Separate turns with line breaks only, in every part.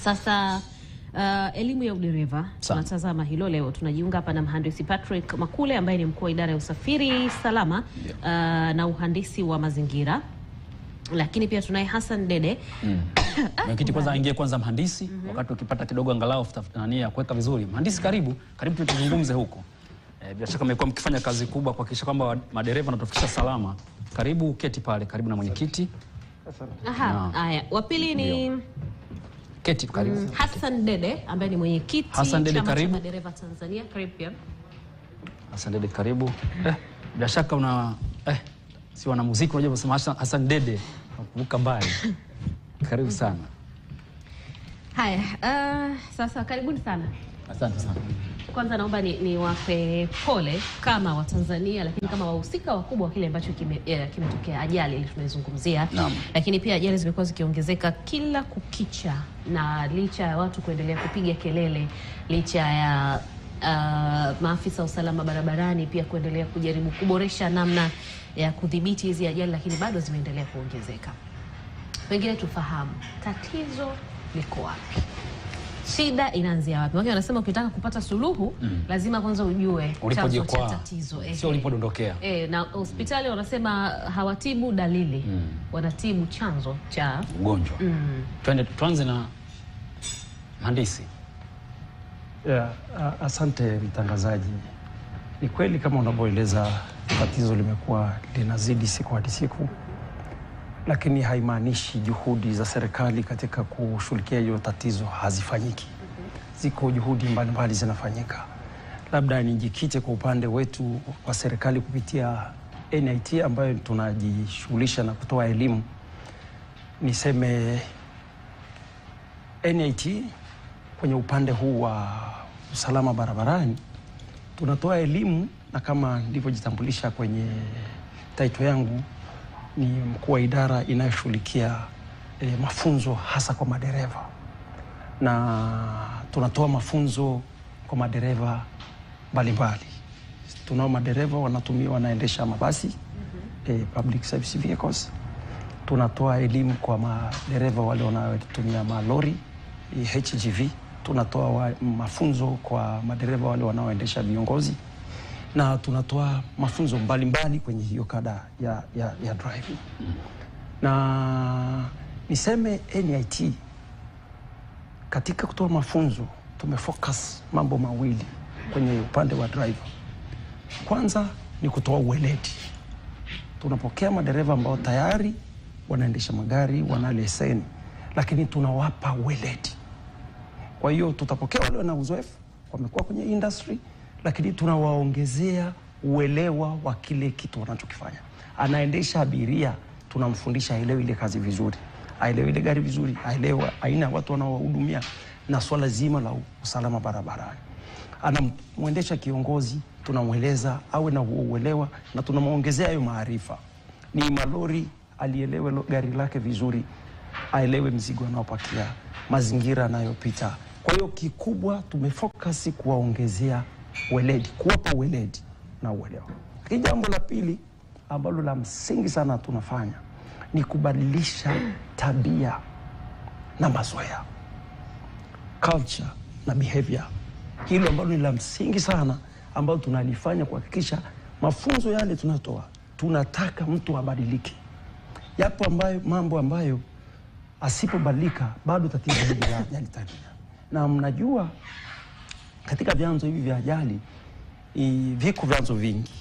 Sasa uh, elimu ya udereva
tunatazama
hilo leo. Tunajiunga hapa na mhandisi Patrick Makule ambaye ni mkuu wa idara ya usafiri salama uh, na uhandisi wa mazingira, lakini pia tunaye Hassan Dede
mm. Mwenyekiti kwanza aingie kwanza mhandisi mm -hmm. Wakati ukipata kidogo angalau nani ya kuweka vizuri mhandisi, karibu karibu, tutuzungumze huko e, bila shaka mmekuwa mkifanya kazi kubwa kuhakikisha kwamba madereva wanatufikisha salama. Karibu uketi pale karibu na mwenyekiti.
Aha, haya wapili ni
Keti karibu. Mm.
Hassan Dede ambaye ni mwenyekiti
wa chama cha
Madereva Tanzania karibu pia.
Hassan Dede karibu. Eh, bila shaka una eh, si wana muziki unajua kusema Hassan Dede nakumbuka mbali. karibu sana.
Haya, uh, sasa karibuni sana. Asante sana. Kwanza naomba ni, ni wape pole kama Watanzania lakini kama wahusika wakubwa wa kile ambacho eh, kimetokea kime ajali ile tunaizungumzia, lakini pia ajali zimekuwa zikiongezeka kila kukicha, na licha ya watu kuendelea kupiga kelele, licha ya uh, maafisa wa usalama barabarani pia kuendelea kujaribu kuboresha namna ya kudhibiti hizi ajali, lakini bado zimeendelea kuongezeka. Pengine tufahamu tatizo liko wapi? shida inaanzia wapi? Wengine wanasema ukitaka kupata suluhu mm. lazima kwanza ujue chanzo cha tatizo eh,
sio ulipodondokea
eh, na hospitali wanasema hawatibu dalili mm. wanatibu chanzo cha ugonjwa mm.
Twende tuanze na mhandisi.
Yeah, asante mtangazaji. Ni kweli kama unavyoeleza, tatizo limekuwa linazidi siku hadi siku lakini haimaanishi juhudi za serikali katika kushughulikia hiyo tatizo hazifanyiki. Ziko juhudi mbalimbali zinafanyika. Labda nijikite kwa upande wetu wa serikali kupitia NIT ambayo tunajishughulisha na kutoa elimu. Niseme NIT kwenye upande huu wa usalama barabarani tunatoa elimu, na kama nilivyojitambulisha kwenye taito yangu ni mkuu wa idara inayoshughulikia e, mafunzo hasa kwa madereva, na tunatoa mafunzo kwa madereva mbalimbali. Tunao madereva wanatumia wanaendesha mabasi mm -hmm. e, public service vehicles. Tunatoa elimu kwa madereva wale wanaotumia malori e, eh, HGV. Tunatoa wa, mafunzo kwa madereva wale wanaoendesha viongozi na tunatoa mafunzo mbalimbali mbali kwenye hiyo kada ya, ya, ya driving na niseme NIT katika kutoa mafunzo tumefocus mambo mawili kwenye upande wa driver. Kwanza ni kutoa uweledi. Tunapokea madereva ambao tayari wanaendesha magari wana leseni, lakini tunawapa uweledi. Kwa hiyo tutapokea wale wana uzoefu, wamekuwa kwenye industry lakini tunawaongezea uelewa wa kile kitu wanachokifanya. Anaendesha abiria, tunamfundisha aelewe ile kazi vizuri, aelewe ile gari vizuri, aelewe aina ya watu wanaowahudumia na swala zima la usalama barabarani. Anamwendesha kiongozi, tunamweleza awe na huo uelewa na tunamwongezea hayo maarifa. Ni malori, alielewe gari lake vizuri, aelewe mzigo anaopakia, mazingira anayopita. Kwa hiyo kikubwa tumefokasi kuwaongezea weledi, kuwapa weledi na uelewa. Lakini jambo la pili ambalo la msingi sana tunafanya ni kubadilisha tabia na mazoea, culture na behavior. Hilo ambalo ni la msingi sana ambalo tunalifanya kuhakikisha mafunzo yale tunatoa, tunataka mtu abadilike. Yapo ambayo mambo ambayo asipobadilika bado tatizo hili yalitakia, na mnajua katika vyanzo hivi vya ajali viko vyanzo vingi,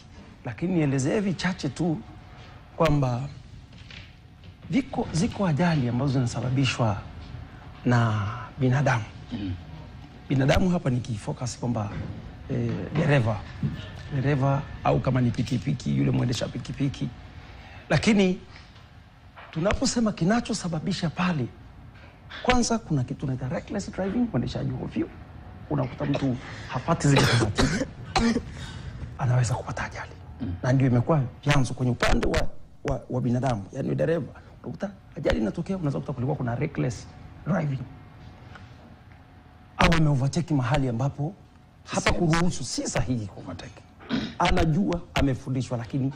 lakini nielezee vichache tu kwamba viko ziko ajali ambazo zinasababishwa na binadamu. Mm. Binadamu hapa nikifocus kwamba e, dereva dereva au kama ni pikipiki yule mwendesha pikipiki, lakini tunaposema kinachosababisha pale, kwanza kuna kitu naita reckless driving, uendeshaji ovyo unakuta mtu hapati zile taratibu anaweza kupata ajali mm. na ndio imekuwa vyanzo kwenye upande wa, wa, wa binadamu yani dereva unakuta ajali inatokea unaweza kuta kulikuwa kuna reckless driving au ameovateki mahali ambapo hata kuruhusu si sahihi kuovateki mm. anajua amefundishwa lakini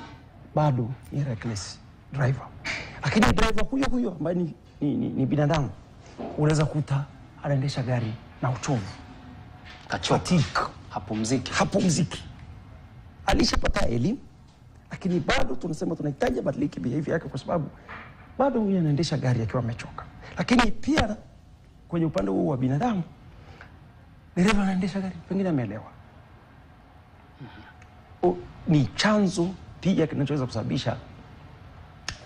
bado ni reckless driver lakini driver huyo huyo ambaye ni, ni, ni, ni binadamu unaweza kuta anaendesha gari na uchovu
kachoka, hapumziki,
hapumziki. Alishapata elimu, lakini bado tunasema tunahitaji badiliki behavior yake, kwa sababu bado huyu anaendesha gari akiwa amechoka. Lakini pia kwenye upande huu wa binadamu, dereva anaendesha gari, pengine ameelewa mhm. ni chanzo pia kinachoweza kusababisha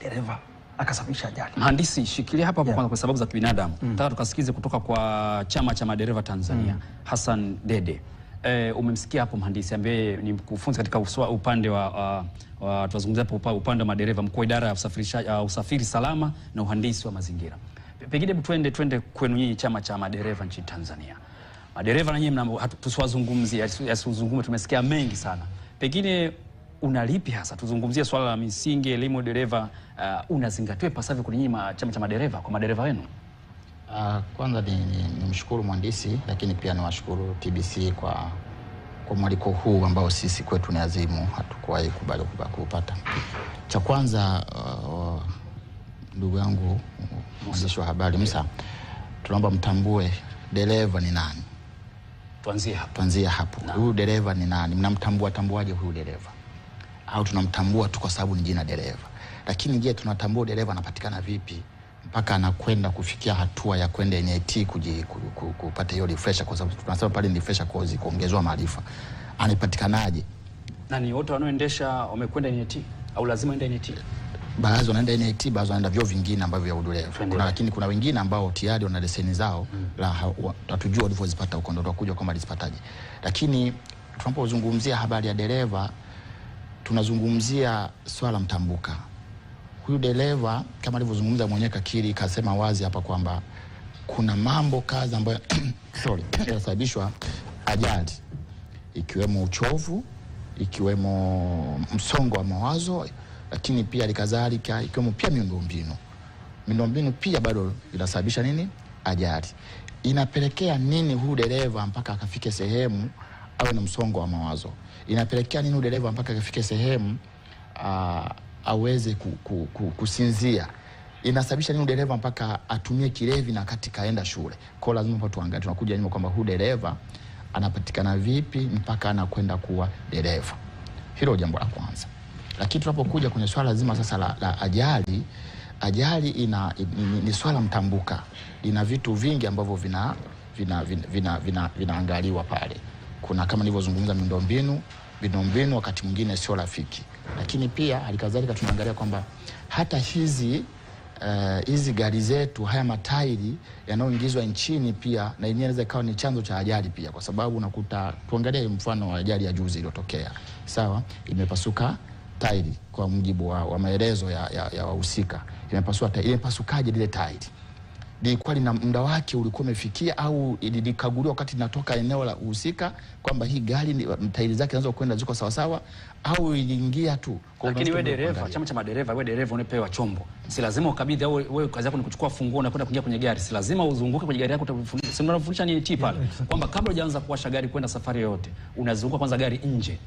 dereva akasababisha ajali.
Mhandisi, shikilia hapa hapo kwanza kwa sababu za kibinadamu. Mm. Nataka tukasikize kutoka kwa chama cha madereva Tanzania, mm. Hassan Dede. E, umemsikia hapo mhandisi ambaye ni mkufunzi katika uswa, upande wa, uh, wa tuzungumzia hapo upande wa madereva, mkuu idara ya usafirisha uh, usafiri salama na uhandisi wa mazingira. Pengine twende twende kwenu nyinyi chama cha madereva nchini Tanzania. Madereva na nyinyi tusiwazungumzie, yasizungumze, tumesikia mengi sana. Pengine unalipi hasa? Tuzungumzie swala la misingi elimu dereva, uh, unazingatiwa ipasavyo kwenye nyinyi chama cha madereva kwa madereva wenu?
Uh, kwanza ni, ni mhandisi lakini pia niwashukuru TBC kwa kwa mwaliko huu ambao sisi kwetu ni azimu, hatukuwahi kubali kupata. Cha kwanza uh, ndugu yangu mwandishi wa habari Musa, tunaomba mtambue dereva ni nani. Tuanzie hapo, tuanzie hapo. Huyu dereva ni nani? Mnamtambua tambuaje huyu dereva? au tunamtambua tu kwa sababu ni jina dereva. Lakini je, tunatambua dereva anapatikana vipi mpaka anakwenda kufikia hatua ya kwenda NIT kuji, kupata hiyo refresher? Kwa sababu tunasema pale ni refresher course, kuongezewa maarifa. Anapatikanaje?
Na ni wote wanaoendesha wamekwenda NIT au lazima aende NIT?
Baadhi wanaenda NIT, baadhi wanaenda vyo vingine ambavyo vya udereva, Kuna lakini kuna wengine ambao tayari wana leseni zao mm. la hatujua walivyozipata huko, ndio tutakuja kama alizipataje. Lakini tunapozungumzia habari ya dereva tunazungumzia swala mtambuka. Huyu dereva kama alivyozungumza mwenyewe, kakiri kasema wazi hapa kwamba kuna mambo kazi ambayo sorry, yanasababishwa ajali ikiwemo uchovu, ikiwemo msongo wa mawazo, lakini pia alikadhalika ikiwemo pia miundombinu. Miundombinu pia bado inasababisha nini ajali. Inapelekea nini huyu dereva mpaka akafike sehemu awe na msongo wa mawazo? inapelekea nini udereva mpaka afike sehemu uh, aweze ku, ku, ku, kusinzia inasababisha nini dereva mpaka atumie kilevi na kati kaenda shule. Kwa lazima hapa tuangalie, tunakuja nyuma kwamba huu dereva anapatikana vipi mpaka anakwenda kuwa dereva. Hilo jambo la kwanza. Lakini tunapokuja kwenye swala zima sasa la, la ajali, ajali ina, ni, ni ni swala mtambuka, ina vitu vingi ambavyo vina vinaangaliwa vina, vina, vina, vina pale. Kuna kama nilivyozungumza miundombinu miundombinu wakati mwingine sio rafiki, lakini pia halikadhalika tunaangalia kwamba hata hizi eh, hizi gari zetu haya matairi yanayoingizwa nchini pia na yenyewe inaweza ikawa ni chanzo cha ajali pia, kwa sababu unakuta, tuangalie mfano wa ajali ya juzi iliyotokea, sawa, imepasuka tairi kwa mujibu wa, wa maelezo ya wahusika, imepasuka imepasukaje lile tairi lilikuwa lina muda wake ulikuwa umefikia, au lilikaguliwa wakati linatoka eneo la uhusika kwamba hii gari tairi zake zinaweza kwenda ziko sawa sawa au iliingia tu?
Lakini wewe dereva, chama cha madereva, wewe dereva unapewa chombo, si lazima ukabidhi, au wewe kazi yako ni kuchukua funguo na kwenda kuingia kwenye gari, si lazima uzunguke kwenye gari yako. Utafundisha unafundisha nini tip pale, kwamba kabla hujaanza kuwasha gari kwenda safari yoyote, unazunguka kwanza gari nje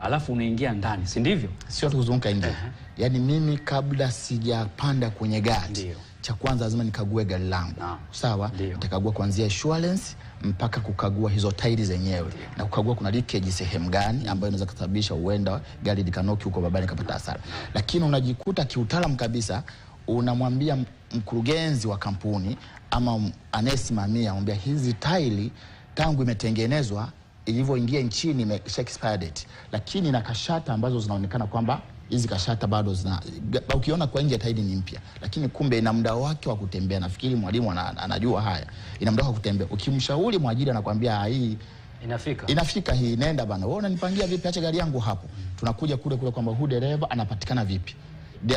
alafu unaingia ndani, si ndivyo?
Sio tu kuzunguka nje, yani mimi kabla sijapanda kwenye gari cha kwanza lazima nikague gari langu no. Sawa, nitakagua kuanzia insurance mpaka kukagua hizo tairi zenyewe na kukagua kuna leakage sehemu gani ambayo inaweza kusababisha huenda gari likanoki huko babani kapata hasara, lakini unajikuta kiutaalamu kabisa unamwambia mkurugenzi wa kampuni ama anayesimamia, mwambia hizi tairi tangu imetengenezwa ilivyoingia nchini imesha expired, lakini na kashata ambazo zinaonekana kwamba hizi kashata bado zina ukiona kwa nje tairi ni mpya, lakini kumbe ina muda wake wa kutembea. Nafikiri mwalimu anajua haya, ina muda wa kutembea. Ukimshauri mwajiri anakwambia ah, hii inafika inafika, hii nenda bana, wewe unanipangia vipi? Acha gari yangu hapo. Tunakuja kule kule kwamba huyu dereva anapatikana vipi?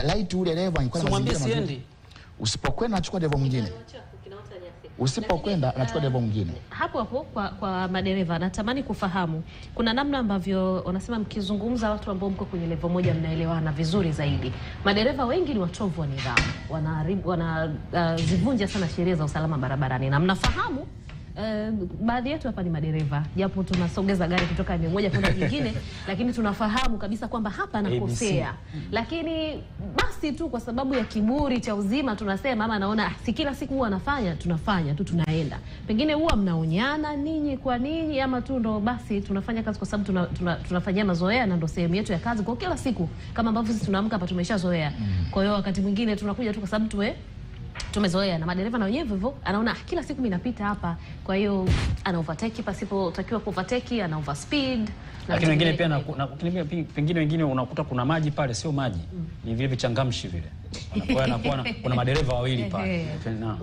Laiti huyu dereva
angekuwa na mazingira mazuri,
usipokwenda achukua dereva mwingine. Usipokwenda anachukua dereva mwingine. Eh,
hapo hapo kwa, kwa madereva, natamani kufahamu kuna namna ambavyo wanasema mkizungumza watu ambao mko kwenye level moja mnaelewana vizuri zaidi. Madereva wengi ni watovu wa nidhamu, wanazivunja eh, wanazivunja uh, sana sheria za usalama barabarani na mnafahamu Uh, baadhi yetu hapa ni madereva japo tunasogeza gari kutoka eneo moja kwenda jingine, lakini tunafahamu kabisa kwamba hapa nakosea mm. lakini basi tu kwa sababu ya kiburi cha uzima tunasema ama naona si kila siku huwa anafanya, tunafanya tu tunaenda. Pengine huwa mnaonyana ninyi kwa ninyi ama tu ndo basi tunafanya kazi kwa sababu tuna, tuna, tunafanyia mazoea na ndo sehemu yetu ya kazi kwa kila siku, kama ambavyo sisi tunaamka hapa tumeshazoea. Mm. Kwa hiyo wakati mwingine tunakuja tu kwa sababu tume tumezoea na madereva na wenyewe hivyo, anaona ah, kila siku mimi napita hapa, kwa hiyo ana overtake pasipotakiwa ku overtake, ana overspeed.
Lakini wengine pia na, pia pengine wengine unakuta kuna maji pale, sio maji mm, ni vile vichangamshi vile kuna madereva wawili pale.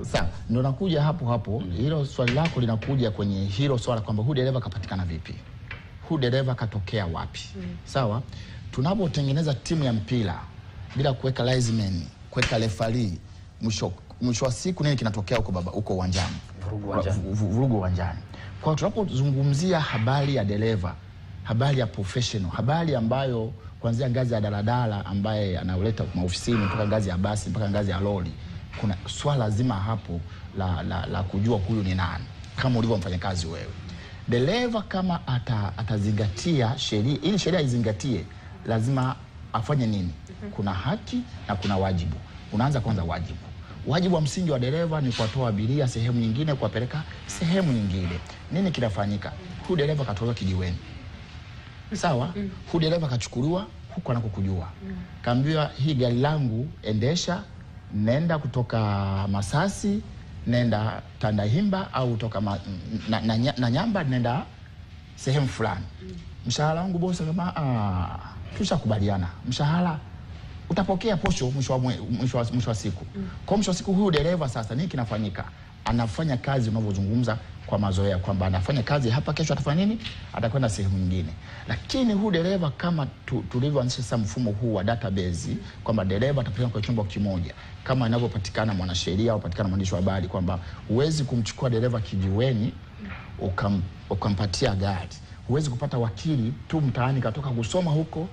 Sasa ndio nakuja hapo hapo, mm. hilo swali lako linakuja kwenye hilo swala kwamba huyu dereva kapatikana vipi, huyu dereva katokea wapi?
Mm. Sawa,
tunapotengeneza timu ya mpira bila kuweka linesman, kuweka refarii mshoko mwisho wa siku nini kinatokea huko baba huko uwanjani, vurugu uwanjani. Kwa tunapozungumzia habari ya dereva, habari ya professional, habari ambayo kuanzia ngazi ya daladala ambaye anaoleta maofisini mpaka ngazi ya basi mpaka ngazi ya lori, kuna swala zima hapo la, la, la kujua huyu ni nani kama ulivyo mfanyakazi wewe. Dereva kama ata, atazingatia sheria ili sheria izingatie, lazima afanye nini? Mhm. Kuna haki na kuna wajibu. Unaanza kwanza wajibu Wajibu wa msingi wa dereva ni kuwatoa abiria sehemu nyingine, kuwapeleka sehemu nyingine. Nini kinafanyika? Huyu dereva katolewa kijiweni, sawa. Mm. Huyu dereva kachukuliwa huko anakokujua, kaambiwa hii gari langu endesha, nenda kutoka Masasi nenda Tandahimba au toka ma, na, na, na, na Nyamba nenda sehemu fulani. Mm. Mshahara wangu bosi, kama ah, tushakubaliana mshahara utapokea posho mwisho wa, mwisho wa, mwisho wa siku mm. Kwa mwisho wa siku huyu dereva sasa, nini kinafanyika? Anafanya kazi unavyozungumza kwa mazoea kwamba anafanya kazi hapa, kesho atafanya nini? Atakwenda sehemu nyingine. Lakini huyu dereva kama tu, tulivyoanzisha sasa mfumo huu wa database kwamba dereva atapelekwa kwa chombo kimoja, kama inavyopatikana mwanasheria au patikana mwandishi wa habari, kwamba huwezi kumchukua dereva kijiweni ukam, ukampatia gari. Huwezi kupata wakili tu mtaani katoka kusoma huko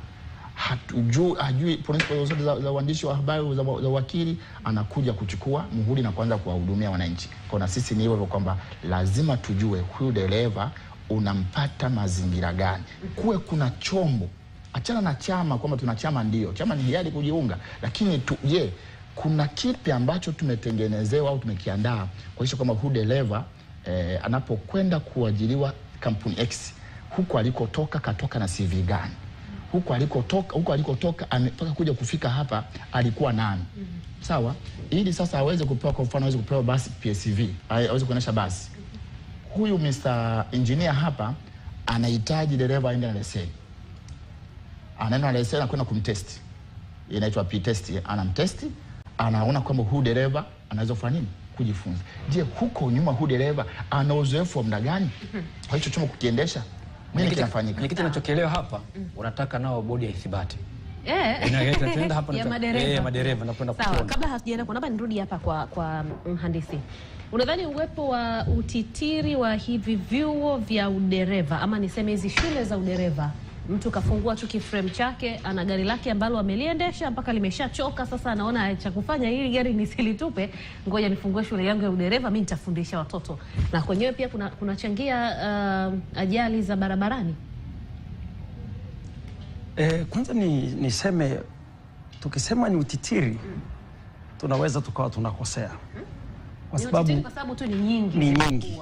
hatujui hajui principles zote za, za uandishi wa habari za, za wakili anakuja kuchukua muhuri na kuanza kuwahudumia wananchi. Kwa na sisi ni hivyo kwamba lazima tujue huyu dereva unampata mazingira gani, kuwe kuna chombo. Achana na chama kwamba tuna chama, ndio chama ni hiari kujiunga, lakini je, kuna kipi ambacho tumetengenezewa au tumekiandaa kuakisha kwamba huyu dereva eh, anapokwenda kuajiriwa kampuni X huko alikotoka katoka na CV gani? huko alikotoka huko alikotoka mpaka kuja kufika hapa alikuwa nani? mm -hmm. Sawa, ili sasa aweze kupewa, kwa mfano aweze kupewa basi PSV, aweze kuonesha basi huyu Mr. Engineer hapa anahitaji dereva aende na leseni, anaenda na leseni, na kwenda kumtest, inaitwa P test. Anamtesti, anaona kwamba huyu dereva anaweza kufanya nini, kujifunza. Je, huko nyuma huyu dereva ana uzoefu wa muda gani kwa hicho chombo kukiendesha?
Mwenyekiti, nachokielewa hapa mm. Unataka nao bodi ya ithibati
eh. madereva.
Eh,
kabla hatujaenda naomba nirudi hapa kwa, kwa mhandisi, unadhani uwepo wa utitiri wa hivi vyuo vya udereva ama niseme hizi shule za udereva Mtu kafungua tu kiframe chake, ana gari lake ambalo ameliendesha mpaka limeshachoka. Sasa anaona cha kufanya, hili gari nisilitupe, ngoja nifungue shule yangu ya udereva, mimi nitafundisha watoto. Na kwenyewe pia kuna kunachangia uh, ajali za barabarani.
Eh, kwanza ni niseme tukisema ni utitiri mm. tunaweza tukawa tunakosea mm.
kwa sababu kwa sababu tu ni nyingi
ni nyingi.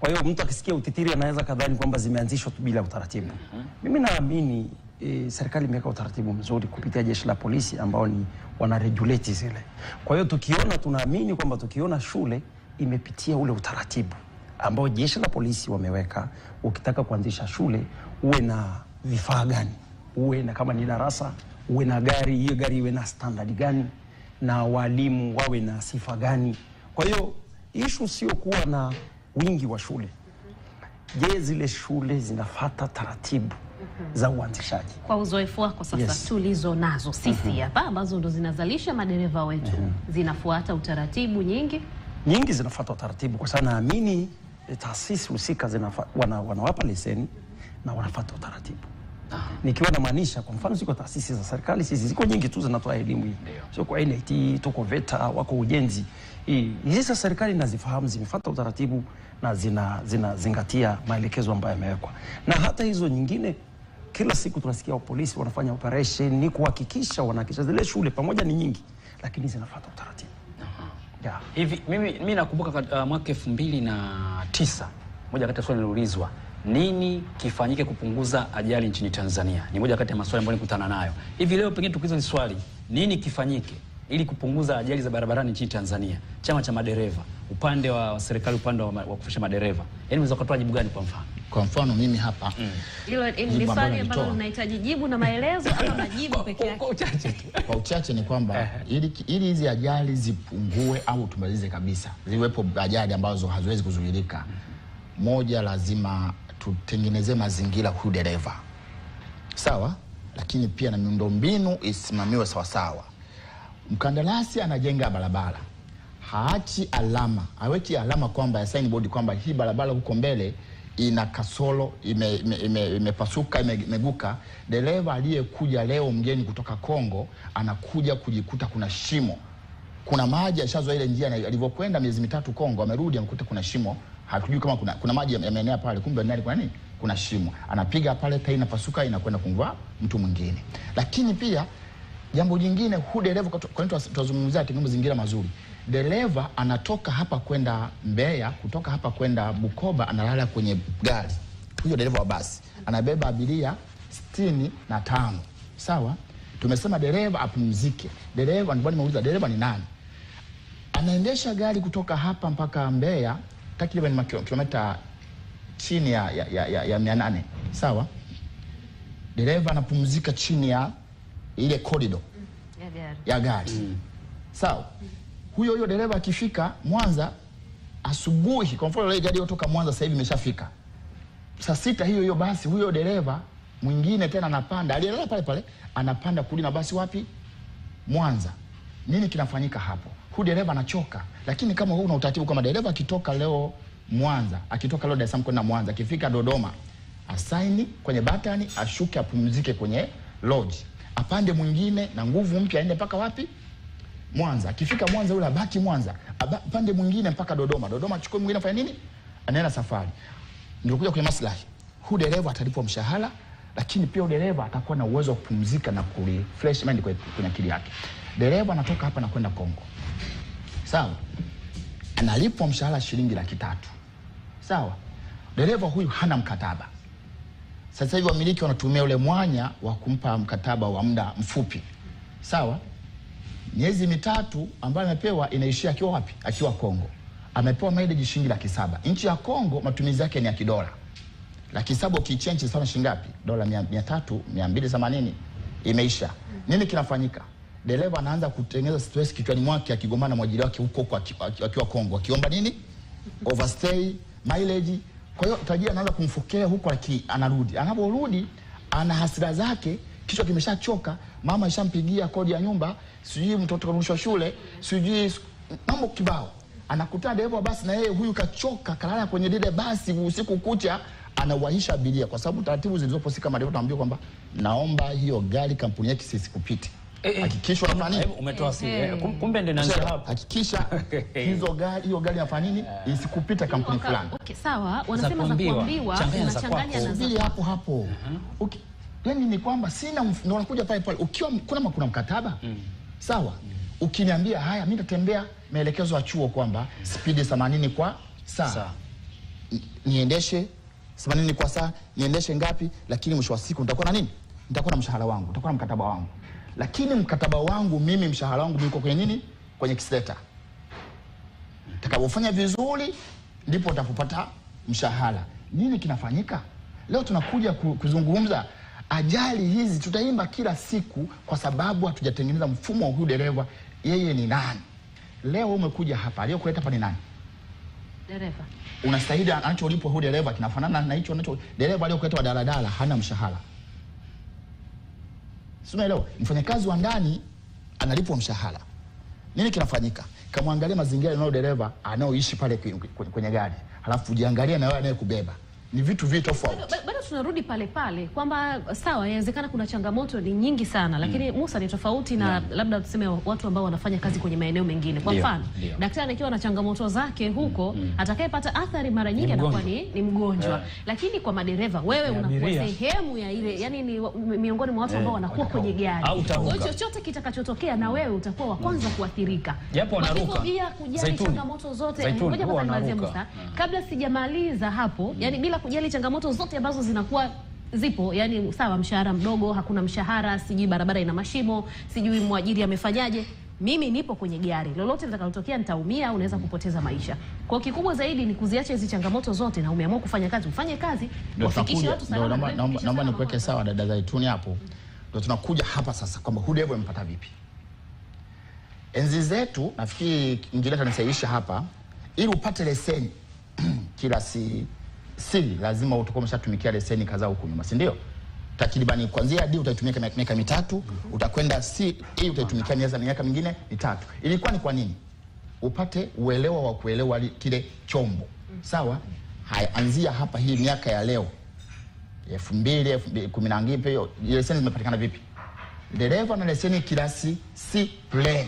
Kwa hiyo mtu akisikia utitiri anaweza kadhani kwamba zimeanzishwa tu bila utaratibu. Mhm. Mimi naamini e, serikali imeweka utaratibu mzuri kupitia jeshi la polisi ambao ni wanaregulate zile. Kwa hiyo tukiona, tunaamini kwamba tukiona shule imepitia ule utaratibu ambao jeshi la polisi wameweka, ukitaka kuanzisha shule uwe na vifaa gani, uwe na kama ni darasa uwe na gari, hiyo gari iwe na standard gani, na walimu wawe na sifa gani. Kwa hiyo ishu sio kuwa na wingi wa shule. Je, zile shule zinafata taratibu za uanzishaji
kwa uzoefu wako sasa? Yes. tulizo nazo sisi mhm. hapa ambazo ndo zinazalisha madereva wetu mhm. zinafuata utaratibu nyingi
nyingi zinafuata utaratibu, kwa sababu naamini eh, taasisi husika wana, wanawapa leseni na wanafuata utaratibu. Ah. nikiwa namaanisha kwa mfano, ziko taasisi za serikali sisi ziko nyingi tu zinatoa elimu hii, sio kwa NIT, tuko VETA, wako ujenzi. Hizi za serikali nazifahamu, zimefuata utaratibu na zinazingatia maelekezo ambayo yamewekwa, na hata hizo nyingine kila siku tunasikia polisi wanafanya operation ni kuhakikisha wanahakikisha zile shule pamoja ni nyingi, lakini zinafuata utaratibu.
ya. Hivi mimi, mimi nakumbuka uh, mwaka 2009 moja kati ya swali niliulizwa nini kifanyike kupunguza ajali nchini Tanzania? Ni moja kati ya maswali ambayo nikutana nayo hivi leo. Pengine tukizo ni swali, nini kifanyike ili kupunguza ajali za barabarani nchini Tanzania, chama cha madereva, upande wa serikali, upande wa, wa kufisha madereva, yaani unaweza kutoa jibu gani? Kwa mfano,
kwa mfano mimi hapa
mm.
hilo ni swali ambalo linahitaji jibu na maelezo ama majibu peke yake?
Kwa uchache, tu, kwa uchache ni kwamba ili ili hizi ajali zipungue au tumalize kabisa, ziwepo ajali ambazo haziwezi kuzuilika, moja lazima tutengeneze mazingira huyu dereva sawa, lakini pia na miundombinu isimamiwe sawasawa. Mkandarasi anajenga barabara, haachi alama, aweki alama kwamba ya signboard kwamba hii barabara huko mbele ina kasoro, imepasuka, ime, ime, ime imeguka. Dereva aliyekuja leo mgeni kutoka Kongo anakuja kujikuta kuna shimo, kuna maji, ashazoa ile njia alivyokwenda miezi mitatu Kongo, amerudi amekuta kuna shimo hatujui kama kuna, kuna maji yameenea pale, kumbe ndani kuna nini? Kuna shimo. Anapiga pale, tai inapasuka, inakwenda kumvua mtu mwingine. Lakini pia jambo jingine, hu dereva, kwa nini tunazungumzia katika mazingira mazuri, dereva anatoka hapa kwenda Mbeya, kutoka hapa kwenda Bukoba, analala kwenye gari. Huyo dereva wa basi anabeba abiria sitini na tano sawa. Tumesema dereva apumzike. Dereva, ndio nimeuliza dereva ni nani? Anaendesha gari kutoka hapa mpaka Mbeya takriban kilomita chini ya, ya, ya, ya, ya mia nane sawa. Dereva anapumzika chini ya ile korido ya gari, ya gari. Mm. Sawa, huyo huyo dereva akifika Mwanza asubuhi, kwa mfano gari iliyotoka Mwanza sasa hivi imeshafika saa sita hiyo hiyo, basi huyo dereva mwingine tena anapanda, aliyelala pale pale anapanda kurudi na basi wapi? Mwanza. Nini kinafanyika hapo? huyu dereva anachoka. Lakini kama wewe una utaratibu kama dereva akitoka leo Mwanza, akitoka leo Dar es Salaam kwenda Mwanza, akifika Dodoma, asaini kwenye batani, ashuke apumzike kwenye lodge, apande mwingine na nguvu mpya aende mpaka wapi? Mwanza. Akifika Mwanza yule abaki Mwanza, apande mwingine mpaka Dodoma. Dodoma achukue mwingine afanye nini? Anaenda safari. Nilikuja kwenye maslahi. Huyu dereva atalipwa mshahara lakini pia dereva atakuwa na uwezo wa kupumzika na kurefresh mind kwenye akili yake. Dereva anatoka hapa na kwenda Kongo sawa, analipwa mshahara shilingi laki tatu sawa. Dereva huyu hana mkataba. Sasa hivi wamiliki wanatumia ule mwanya wa kumpa mkataba wa muda mfupi sawa. Miezi mitatu ambayo amepewa inaishia akiwa wapi? Akiwa Kongo. Amepewa mileage shilingi laki saba. Nchi ya Kongo matumizi yake ni ya kidola laki saba ukichange sana shilingi ngapi? Dola mia tatu mia mbili themanini imeisha. Nini kinafanyika? dereva anaanza kutengeneza stress kichwani mwake akigomana na mwajiri wake huko kwa akiwa Kongo, akiomba nini, overstay mileage. Kwa hiyo tajiri anaanza kumfokea huko, lakini anarudi, anaporudi ana hasira zake, kichwa kimeshachoka, mama ishampigia kodi ya nyumba, sijui mtoto karudishwa shule, sijui mambo kibao. Anakutana dereva wa basi, na yeye huyu kachoka, kalala kwenye lile basi usiku kucha anawaisha abiria, kwa sababu taratibu zilizopo si kama dereva tunaambiwa kwamba naomba hiyo gari kampuni yake sisi kupiti
Eh, eh. hakikisha unafanya nini? Umetoa eh, siri. Kumbe ndio nanzi hapo.
Hakikisha hizo gari hiyo gari inafanya nini? Isikupita kampuni fulani.
Okay, sawa. Wanasema za kuambiwa
unachanganya
na zile hapo hapo. Uh-huh. Okay. Yaani ni kwamba sina ndio unakuja pale pale. Ukiwa kuna kuna mkataba. Mm. Sawa. Ukiniambia haya mimi nitatembea maelekezo ya chuo kwamba spidi 80 kwa saa. Sawa. Niendeshe 80 kwa saa, niendeshe ngapi, lakini mwisho wa siku nitakuwa na nini? Nitakuwa na mshahara wangu, nitakuwa na mkataba wangu lakini mkataba wangu mimi mshahara wangu uko kwenye nini? Kwenye kisleta. Utakapofanya vizuri ndipo utapopata mshahara. Nini kinafanyika leo? Tunakuja kuzungumza ajali hizi, tutaimba kila siku kwa sababu hatujatengeneza mfumo wa huyu dereva, yeye ni nani? Leo umekuja hapa, aliyokuleta hapa ni nani? Dereva unastahili anacholipwa huyu dereva kinafanana na hicho anacho dereva aliyokuleta wa daladala, hana mshahara si unaelewa? Mfanyakazi wa ndani analipwa mshahara, nini kinafanyika? kamwangalia mazingira yanayo dereva anaoishi pale kwenye gari, halafu jiangalia na wewe anayekubeba ni vitu vi tofauti.
Bado tunarudi pale pale kwamba sawa, inawezekana kuna changamoto ni nyingi sana, lakini mm. Musa ni tofauti na yeah. labda tuseme watu ambao wanafanya kazi kwenye maeneo mengine. Kwa mfano daktari akiwa na changamoto zake huko mm. mm. atakayepata athari mara nyingi anakuwa ni, ni mgonjwa yeah. Lakini kwa madereva wewe unakuwa sehemu ya ile, yani ni miongoni mwa watu ambao eh, wanakuwa yeah. kwenye gari, kwa hiyo chochote kitakachotokea na wewe utakuwa wa kwanza mm. kuathirika,
japo anaruka
pia kujali changamoto zote. Ngoja kwanza Musa, mm. kabla sijamaliza hapo, yani bila kujali changamoto zote ambazo zinakuwa zipo yani, sawa, mshahara mdogo, hakuna mshahara, sijui barabara ina mashimo, sijui mwajiri amefanyaje. Mimi nipo kwenye gari, lolote litakalotokea nitaumia au naweza kupoteza maisha. Kwa kikubwa zaidi ni kuziacha hizi changamoto zote, na umeamua kufanya kazi, ufanye kazi,
wafikishe watu salama. Naomba nikuweke sawa, dada Zaituni, hapo ndo tunakuja hapa sasa, kwamba Hudebo amepata vipi enzi zetu. Nafikiri ngileta atanisaidia hapa, ili upate leseni kila si sili lazima utakuwa umeshatumikia leseni kadhaa huko nyuma, si ndio? Takribani kuanzia D utaitumia miaka mitatu, utakwenda C A utaitumikia miaka miaka mingine mitatu. Ilikuwa ni kwa nini? Upate uelewa wa kuelewa kile chombo. Sawa? Haya, anzia hapa, hii miaka ya leo elfu mbili kumi na ngapi hiyo, leseni zimepatikana vipi? Dereva na leseni kilasi C plan,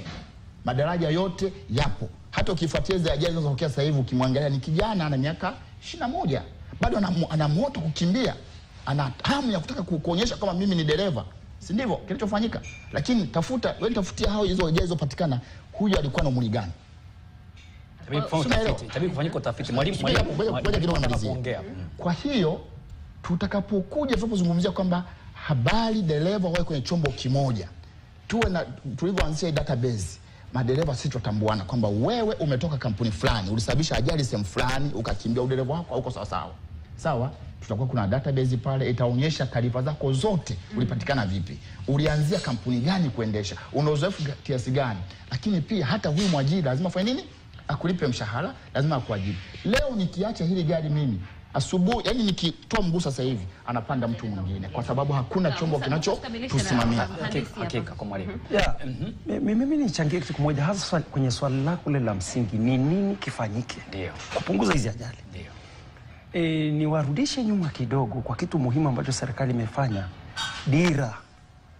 madaraja yote yapo. Hata ukifuatia zile ajali zinazotokea sasa hivi, ukimwangalia ni kijana ana miaka 21 bado ana moto kukimbia, ana hamu ya kutaka kuonyesha kama mimi ni dereva, si ndivyo kilichofanyika? Lakini tafuta wewe, tafutia hao hizo hoja hizo, patikana huyu alikuwa na umri gani? Mm.
Kwa hiyo tutakapokuja, tunapozungumzia kwamba habari dereva wawe kwenye chombo kimoja, tuwe na tulivyoanzia database madereva sisi tutambuana kwamba wewe umetoka kampuni fulani, ulisababisha ajali sehemu fulani, ukakimbia, udereva wako hauko sawasawa sawa tutakuwa kuna database pale itaonyesha taarifa zako zote mm. Ulipatikana vipi, ulianzia kampuni gani kuendesha, una uzoefu kiasi gani. Lakini pia hata huyu mwajiri lazima afanye nini, akulipe mshahara, lazima akuajiri. Leo nikiacha hili gari mimi asubuhi, yani nikitoa mguu sasa hivi anapanda mtu mwingine, kwa sababu hakuna chombo kinachotusimamia.
Hakika kwa mwalimu,
mimi mm-hmm. mm-hmm. nichangie kitu kimoja, hasa kwenye swali lako la msingi, ni nini kifanyike ndio kupunguza hizi ajali ndio E, niwarudishe nyuma kidogo kwa kitu muhimu ambacho serikali imefanya. Dira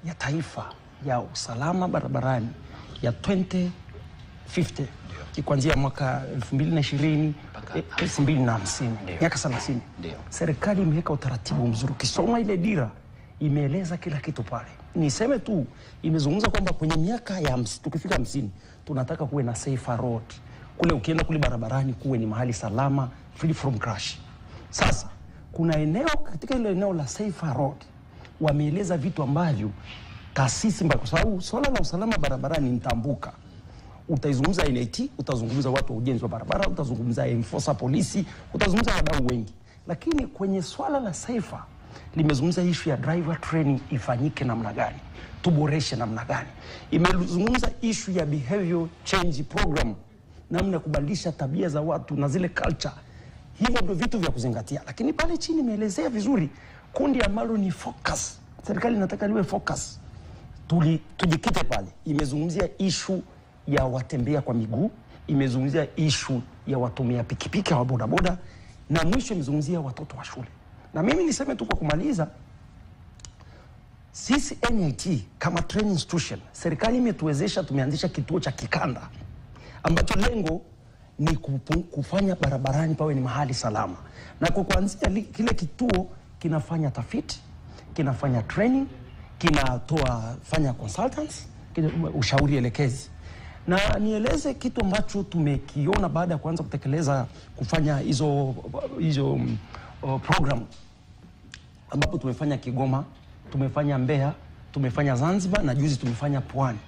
ya taifa ya usalama barabarani ya 2050 kuanzia mwaka 2020 2050, eh, miaka 30. Serikali imeweka utaratibu mzuri. Ukisoma ile dira imeeleza kila kitu pale. Niseme tu imezungumza kwamba kwenye miaka ya tukifika 50 tunataka kuwe na safer road kule, ukienda kule barabarani kuwe ni mahali salama, free from crash. Sasa kuna eneo katika ile eneo la Safer Road wameeleza vitu ambavyo taasisi mbali, kwa sababu swala la usalama barabarani nitambuka utaizungumza NIT, utazungumza watu wa ujenzi wa barabara, utazungumza enforcer polisi, utazungumza wadau wengi, lakini kwenye swala la Safer limezungumza ishu ya driver training ifanyike namna gani, tuboreshe namna gani. Imezungumza ishu ya behavior change program, namna ya kubadilisha tabia za watu na zile culture Hivyo ndio vitu vya kuzingatia, lakini pale chini imeelezea vizuri kundi ambalo ni focus. Serikali inataka liwe focus, tujikite pale. Imezungumzia ishu ya watembea kwa miguu, imezungumzia ishu ya watumia pikipiki au bodaboda, na mwisho imezungumzia watoto wa shule. Na mimi niseme tu kwa kumaliza, sisi NIT kama training institution, serikali imetuwezesha, tumeanzisha kituo cha kikanda ambacho lengo ni kufanya barabarani pawe ni mahali salama, na kwa kuanzia kile kituo kinafanya tafiti, kinafanya training, kinatoa fanya consultants, ushauri elekezi. Na nieleze kitu ambacho tumekiona baada ya kuanza kutekeleza kufanya hizo hizo mm, uh, program, ambapo tumefanya Kigoma, tumefanya Mbeya, tumefanya Zanzibar na juzi tumefanya Pwani,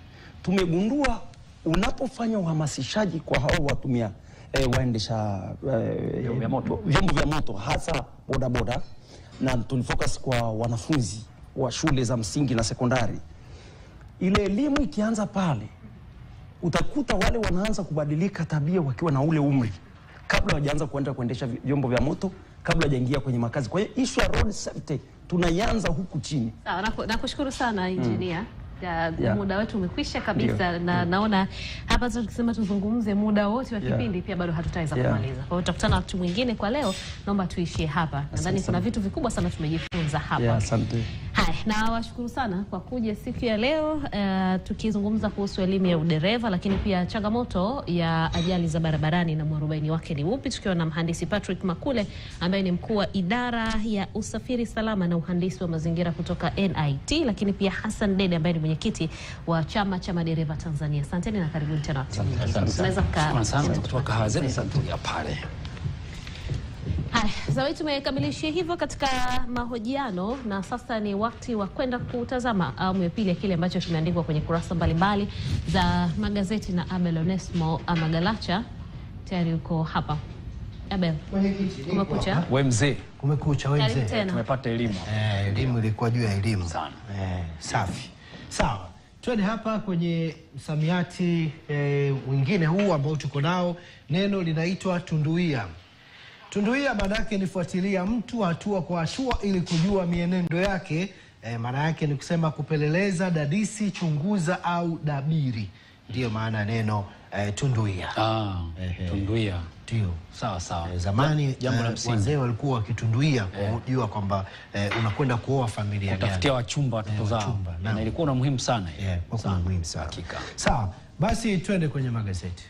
tumegundua unapofanya uhamasishaji kwa hao watumia e, waendesha e, vyombo vya moto hasa bodaboda, na tunifocus kwa wanafunzi wa shule za msingi na sekondari. Ile elimu ikianza pale, utakuta wale wanaanza kubadilika tabia wakiwa na ule umri, kabla hawajaanza kuenda kuendesha vyombo vya moto, kabla hajaingia kwenye makazi. Kwa hiyo issue ya road safety tunaianza huku chini.
Sawa, nakushukuru sana engineer yeah. Muda wetu umekwisha kabisa Dio. na Dio. Mm. naona hapa tukisema tuzungumze muda wote wa kipindi yeah. pia bado hatutaweza yeah. kumaliza. Kwa hiyo tutakutana wakati mwingine. Kwa leo naomba tuishie hapa, nadhani kuna vitu vikubwa sana tumejifunza hapa yeah, Haya, na washukuru sana kwa kuja siku ya leo uh, tukizungumza kuhusu elimu ya udereva lakini pia changamoto ya ajali za barabarani na mwarobaini wake ni upi, tukiwa na mhandisi Patrick Makule ambaye ni mkuu wa idara ya usafiri salama na uhandisi wa mazingira kutoka NIT, lakini pia Hassan Dede ambaye ni mwenyekiti wa chama cha madereva Tanzania. Asanteni na karibuni tena.
Tunaweza
kukaa pale.
Zawadi, tumekamilishia hivyo katika mahojiano, na sasa ni wakati wa kwenda kutazama awamu ya pili ya kile ambacho kimeandikwa kwenye kurasa mbalimbali za magazeti. Na Abel Onesmo Amagalacha tayari yuko hapa. Abel,
kumekucha we mzee, kumekucha we mzee,
tumepata elimu
eh, elimu ilikuwa juu ya elimu sana eh, safi sawa. Twende hapa kwenye msamiati eh, mwingine eh, huu ambao tuko nao, neno linaitwa tunduia. Tunduia maana yake ilifuatilia mtu hatua kwa hatua ili kujua mienendo yake. E, maana yake ni kusema kupeleleza, dadisi, chunguza au dabiri, ndiyo maana neno e, tunduia. Ah, e, tunduia ndio sawa sawa. E, zamani uh, wazee walikuwa wakitunduia eh. kujua e, kwamba e, unakwenda kuoa familia gani, utafutia wachumba watoto eh, zao, na ilikuwa na muhimu sana, e, eh, sana. Muhimu sana. Hakika. Sawa, basi twende kwenye magazeti.